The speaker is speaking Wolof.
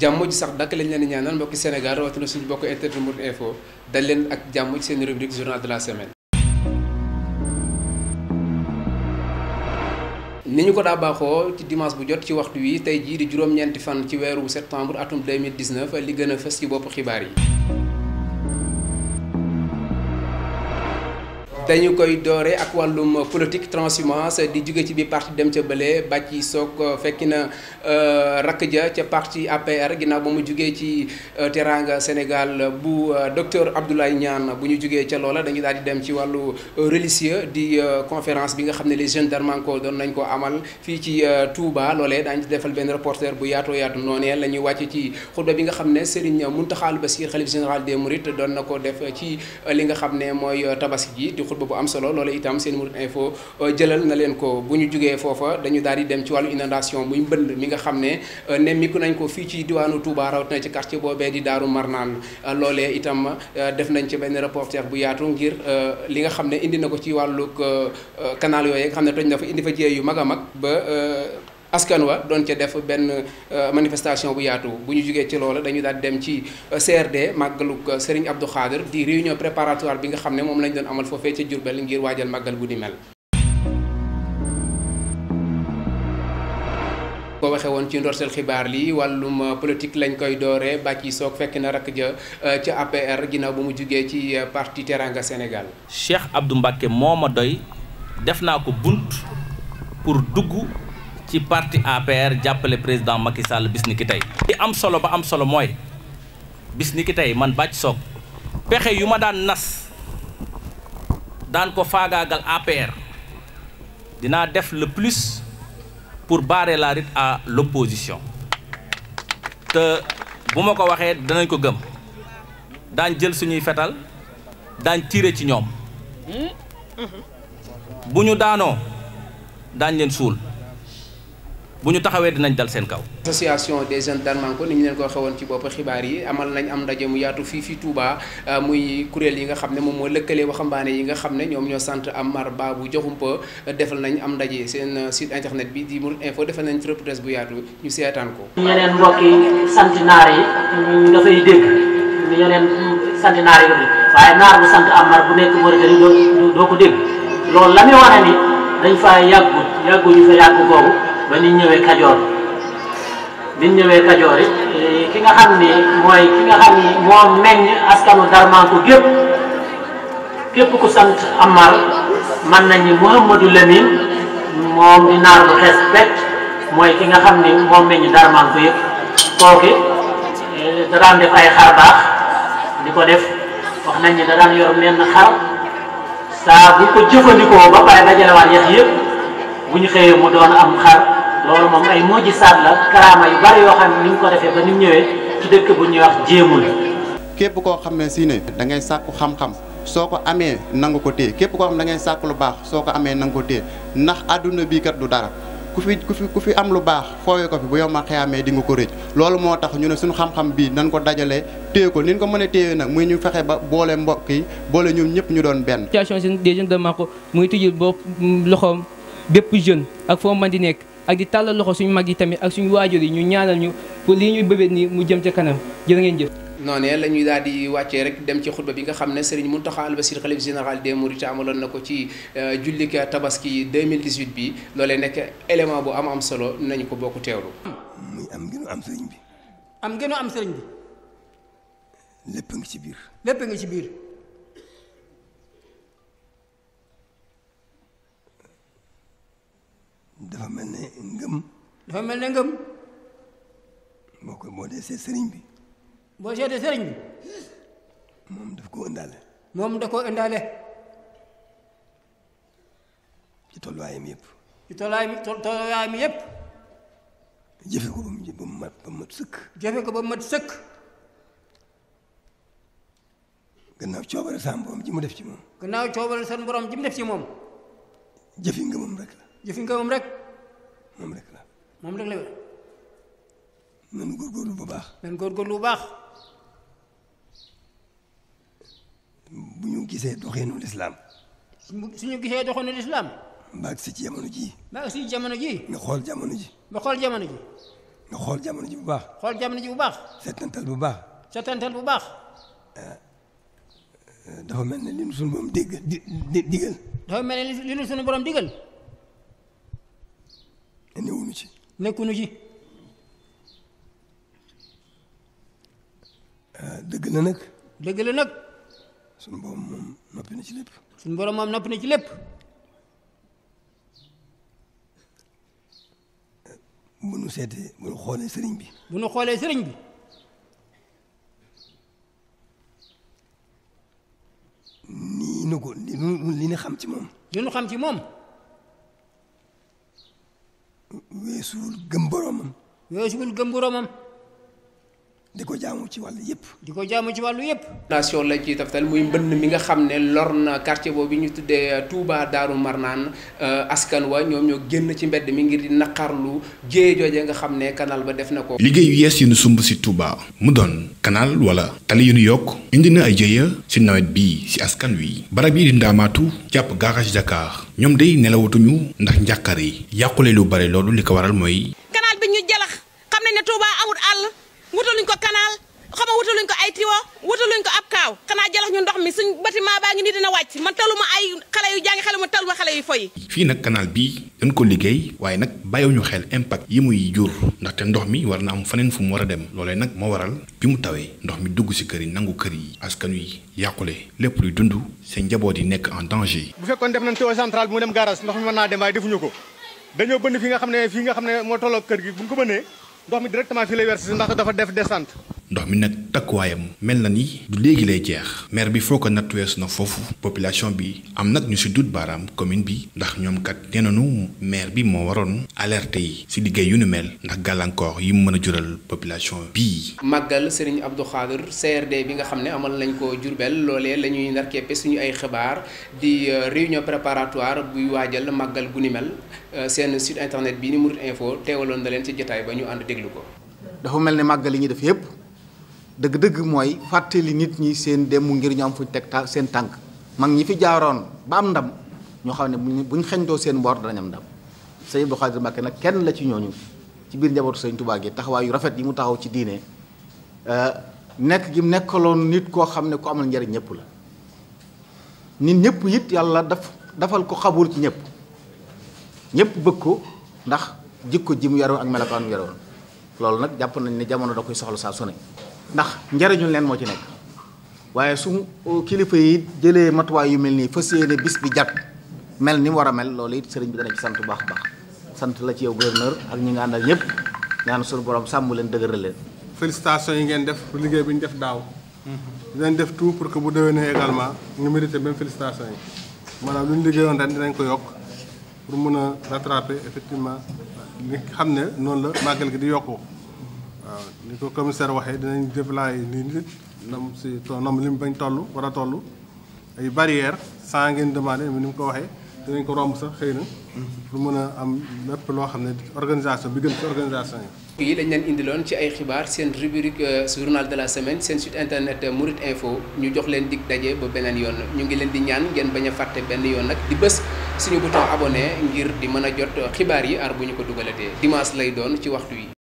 jàmm ji sax dakk lañ leen di ñaanal mbokki Sénégal rawatina suñu bokk internet Mourides Info dal leen ak jàmm ci seen rubrique journal de la semaine. ni ñu ko daa baaxoo ci dimanche bu jot ci waxtu wi tey jii di juróom-ñeenti fan ci weeru septembre atum 2019 li gën a fës ci bopp xibaar yi. dañu koy doore ak wàllum politique transhumance di jóge ci biir parti dem ca bële bàcc soog euh, fekki na euh, rakk ja ca parti APR ginnaaw ba mu jógee ci euh, teranga Sénégal bu docteur Abdoulaye ñaan bu ñu jugee ca loola dañu daal di dem ci wàllu religieux di conférence bi nga xam ne les jeunes d'Armanko doon nañ ko amal fii ci Touba loolee daañu ci defal benn reporter bu yaatoo yaatu noonee la ñuy wàcc ci xutba bi nga xam ne Serigne Mountakha Bassir xalif général des Mourides doon na ko def ci li nga xam ne mooy tabaski ji xutba bu am solo loola itam seen murid info euh, jëlal na leen ko bu ñu jugee foofa dañu daal di dem ci wàllu inondation muy mbënd mi nga xam ne euh, nemmiku nañ ko fii ci diwaanu Touba rawatina ci quartier boobee di Daaru Marnaan euh, loolee itam def nañ ci benn reporter bu yaatu ngir li nga xam ne indi na ko ci wàllu canal yooyu nga xam ne toj na fa indi fa jéey yu mag a mag ba askan wa doon ca def benn euh, manifestation bu yaatu bu ñu jógee ci loolu dañu daal dem ci euh, CRD màggalug euh, Serigne Abdou Khader di réunion préparatoire bi nga xam ne moom lañ doon amal foofee ca Diourbel ngir waajal màggal gu ni mel. ko waxee woon ci ndorteel xibaar li wàllum politique lañ koy dooree bàcc yi soog fekk na rakk ja ca APR ginnaaw ba mu jógee ci parti Teranga Sénégal. Cheikh Abdou Mbacké moo ma doy def naa ko bunt pour dugg. ci parti APR jappelé président Macky Sall bis ni ki tay li am solo ba am solo moy bis ni ki tay man bac sok pexé yuma dan nas dan ko gal APR dina def le plus pour barrer la route à l'opposition te buma ko waxé danañ ko gëm dan jël suñuy fétal dan tiire ci ñom hmm? buñu daano dan bu ñu taxawee dinañ dal seen kaw. association des jeunes Darmanko ni ñu leen ko waxee woon ci bopp xibaar yi amal nañ am ndaje mu yaatu fii fii Touba euh, muy kuréel yi nga xam ne moom moo lëkkalee waxambaane yi nga xam ne ñoom ñoo sant am Amar joxum Diakhoumpa euh, defal nañ am ndaje seen euh, site internet bi di Mourides Info defal nañ trop presse bu yaatu ñu seetaan ko. yeneen mbokk yi sant naar yi dafay dégg yeneen sant naar yi waaye naar bu sant Amar bu loolu la muy dañ fa yàggu yàggu boobu. ba ñu ñëwee kajoor bi ñëwee kajoor it eh, ki nga xam ni mooy ki nga xam ni moo meññ askanu Darmanko gépp képp ku sant Amar man nañu Mouhamadou Lamine moom di naar bu xees bekk mooy ki nga xam ni moo meññ Darmanko yëpp kooki eh, da daan xar baax di ko def wax nañ ni da daan yor menn xar saa bu ko jëfandikoo ba pare dajalewaat yax yëpp bu ñu xëyee mu doon am xar loolu moom ay moo ji la karaama yu bari yoo xam ni mu ko defee ba ni ñëwee ci dëkk bu ñuy wax jéemul képp koo xam ne si ne da ngay sàkku xam-xam soo ko amee nangu ko téye képp koo xam ne ngay sàkku lu baax soo ko amee nanga ko téye ndax àdduna kat du dara ku fi ku fi ku fi am lu baax foowee ko fi bu yow ma xeyaamee di nga ko rëcc loolu moo tax ñu ne suñu xam-xam bii nañ ko dajalee téye ko ni ñu ko mën a téye nag muy ñu fexe ba boole mbokk yi boole ñoom ñëpp ñu doon benn situation des jeunes de Mako muy tijjil bopp loxoom bépp jeune ak foo mën di nekk ak di tàllal loxo suñu mag yi tamit ak suñu waajur yi ñu ñaanal ñu pour lii ñuy bébét ni mu jëm ca kanam jërë ngeen jëf noonee la ñuy daal di wàccee rek dem ci xutba bi nga xam ne Serigne Mountakha Al Bassir xalif général des Mourides amaloon na ko ci euh, jullika tabaski 2018 bi loolee nekk élément bu am am solo nañu ko bokk teewlu. muy am ngeen am sëriñ bi. am ngeen am sëriñ bi. lépp nga ci biir. lépp ngi ci biir. Homelengam. Homelengam. boo ko boo desee sëriñ bi. boo seetee sëriñ bi. moom daf koo indaale. moom da koo indaale. ci tolluwaayam yëpp. ci tolluwaayam tolluwaayam yëpp. jëfe ko ba mu ba mu mat ba mu mat sëkk. jëfe ko ba mu mat sëkk. gannaaw coobare saan borom ji mu def ci moom. gannaaw coobare saan borom ji mu def ci moom. jëfi ngëmam rek la. jëfi ngëmam rek. moom rek la moom rek la wér nan góorgóorlu bu baax nan góorgóorlu bu baax bu ñu gisee doxeenu lislaam suñu gisee doxeenu lislaam ba agsi ci jamono ji ba agsi ci jamono ji nga xool jamono ji nga xool jamono ji nga xool jamono ji bu baax xool jamono ji bu baax setantal bu baax setantal bu baax dafa mel ne li nu suñu borom dégg di digal dafa mel ne li nu suñu borom digal nekkunu ci dëgg la nag dëgg la nag suñ borom moom noppi na ci lépp suñ borom moom noppi na ci lépp bu nu seetee bu nu xoolee sëriñ bi bu nu xoolee sëriñ bi nii nu ko li nu xam ci moom li nu xam ci moom weesuwul gëm boromam. weesuwul gëm boromam. di ko jaamu ci wàllu yëpp. di ko jaamu ci wàllu yëpp. nation lañ ciy taftal muy mbënn mi nga xam ne lor na quartier boobu ñu tuddee Touba Daaru Marnaan euh, askan wa ñoom ñoo génn ci mbedd mi ngir di naqarlu jéey jooje nga xam ne canal ba def na ko. liggéey yu yees yu sumb si Touba mu doon canal wala tali yu yokk indi na ay jéeya ci nawet bi ci askan wi barab yi di ndaamaatu jàpp garage Dakar ñoom day nelawatuñu ndax njàqare yi yàqule lu bare loolu li ko waral mooy. wutaluñ ko canal xama wutaluñ ko ay tiwo wutaluñ ko ab kaaw xanaa jalax ñu ndox mi suñ bâtiment baa ngi nii dina wàcc man taluma ay xale yu jàngi xale ma xale yu foyi fii nag kanaal bii dañ ko liggéey waaye nag bàyyiwuñu xel impact yi muy jur ndaxte ndox mi war na am faneen fu mu war a dem loolee nag moo waral bi mu tawee ndox mi dugg si kër yi nangu kër yi askan wi yàqule lépp luy dund seen njaboot yi nekk en danger bu fekkoon def ko dañoo ndox mi directement fii lay verser ndax dafa def descente ndox mi nag takkuwaayam mel na ni du léegi lay jeex maire bi foo ko natt weesu na foofu population bi am nag ñu si dut baaraam commune bi ndax ñoom kat nee nañu maire bi moo waroon alerter yi si liggéey yu nu mel ndax gàllankoor yi mu mën a jural population bii. màggal Serigne Abdou Khadir CRD bi nga xam ne amal nañ ko Jurbel loolee la ñuy nar keppe suñu ay xibaar di euh, réunion préparatoire buy waajal màggal gu ni mel euh, seen site internet bi ni Mourides Info teewaloon na leen ci jotaay ba ñu ànd déglu ko. dafa mel ne màggal yi ñu def yëpp. dëgg-dëgg mooy fàttali nit ñi seen démb ngir ñu am fuñ teg seen tànk mag ñi fi jaaroon ba am ndam ñoo xam ne bu buñ xeñtoo seen mboor danañ am ndam sëñ Abdou Khadre Mbacké nag kenn la ci ñooñu ci biir njabootu sëñ Tuubaa gi taxawaay yu rafet yi mu taxaw ci diine euh, nekk gi mu nekkaloon nit koo xam ne ku amal njariñ ñëpp la nit ñëpp it yàlla daf defal ko xabul ci ñëpp ñëpp bëgg ko ndax jikko ji mu yoroon ak melokaan mu yoroon loolu nag jàpp nañ ne jamono da koy soxla saa ndax njariñul len mo ci nek waye su kilifa yi jele matwa yu melni fassiyene bis bi jatt mel ni mu mel lolé serigne bi dana ci sante bax bax sante la ci yow gouverneur ak ñi nga àndal ñaan suñu borom sàmm len dëgëral len félicitations yi ngeen def pour liggéey bi ñu def daaw dañ def tout pour que bu deewene également ñu mériter même félicitations yi maanaam lu ñu liggéeyoon ren dinañ ko yok pour mëna rattraper effectivement li xamne non la magal gi di yokko waaw ni ko commissaire waxee dinañ déployer nit nit nam si nam lim bañ toll war a toll ay barrières sans ngeen demandé ni mu ko waxee dinañ ko romb sax xëy na pour mën a am lépp loo xam ne organisation bi gën ci organisation yi yi lañ leen indiloon ci ay xibaar seen rubrique euh, journal de la semaine seen site internet euh, Mouride Info ñu jox leen dig daje ba beneen yoon ñu ngi leen di ñaan ngeen bañ a fàtte benn yoon nag di bés suñu bouton abonné ngir di mën a jot xibaar yi ar bu ñu ko dugalatee dimanche lay doon ci waxtu yi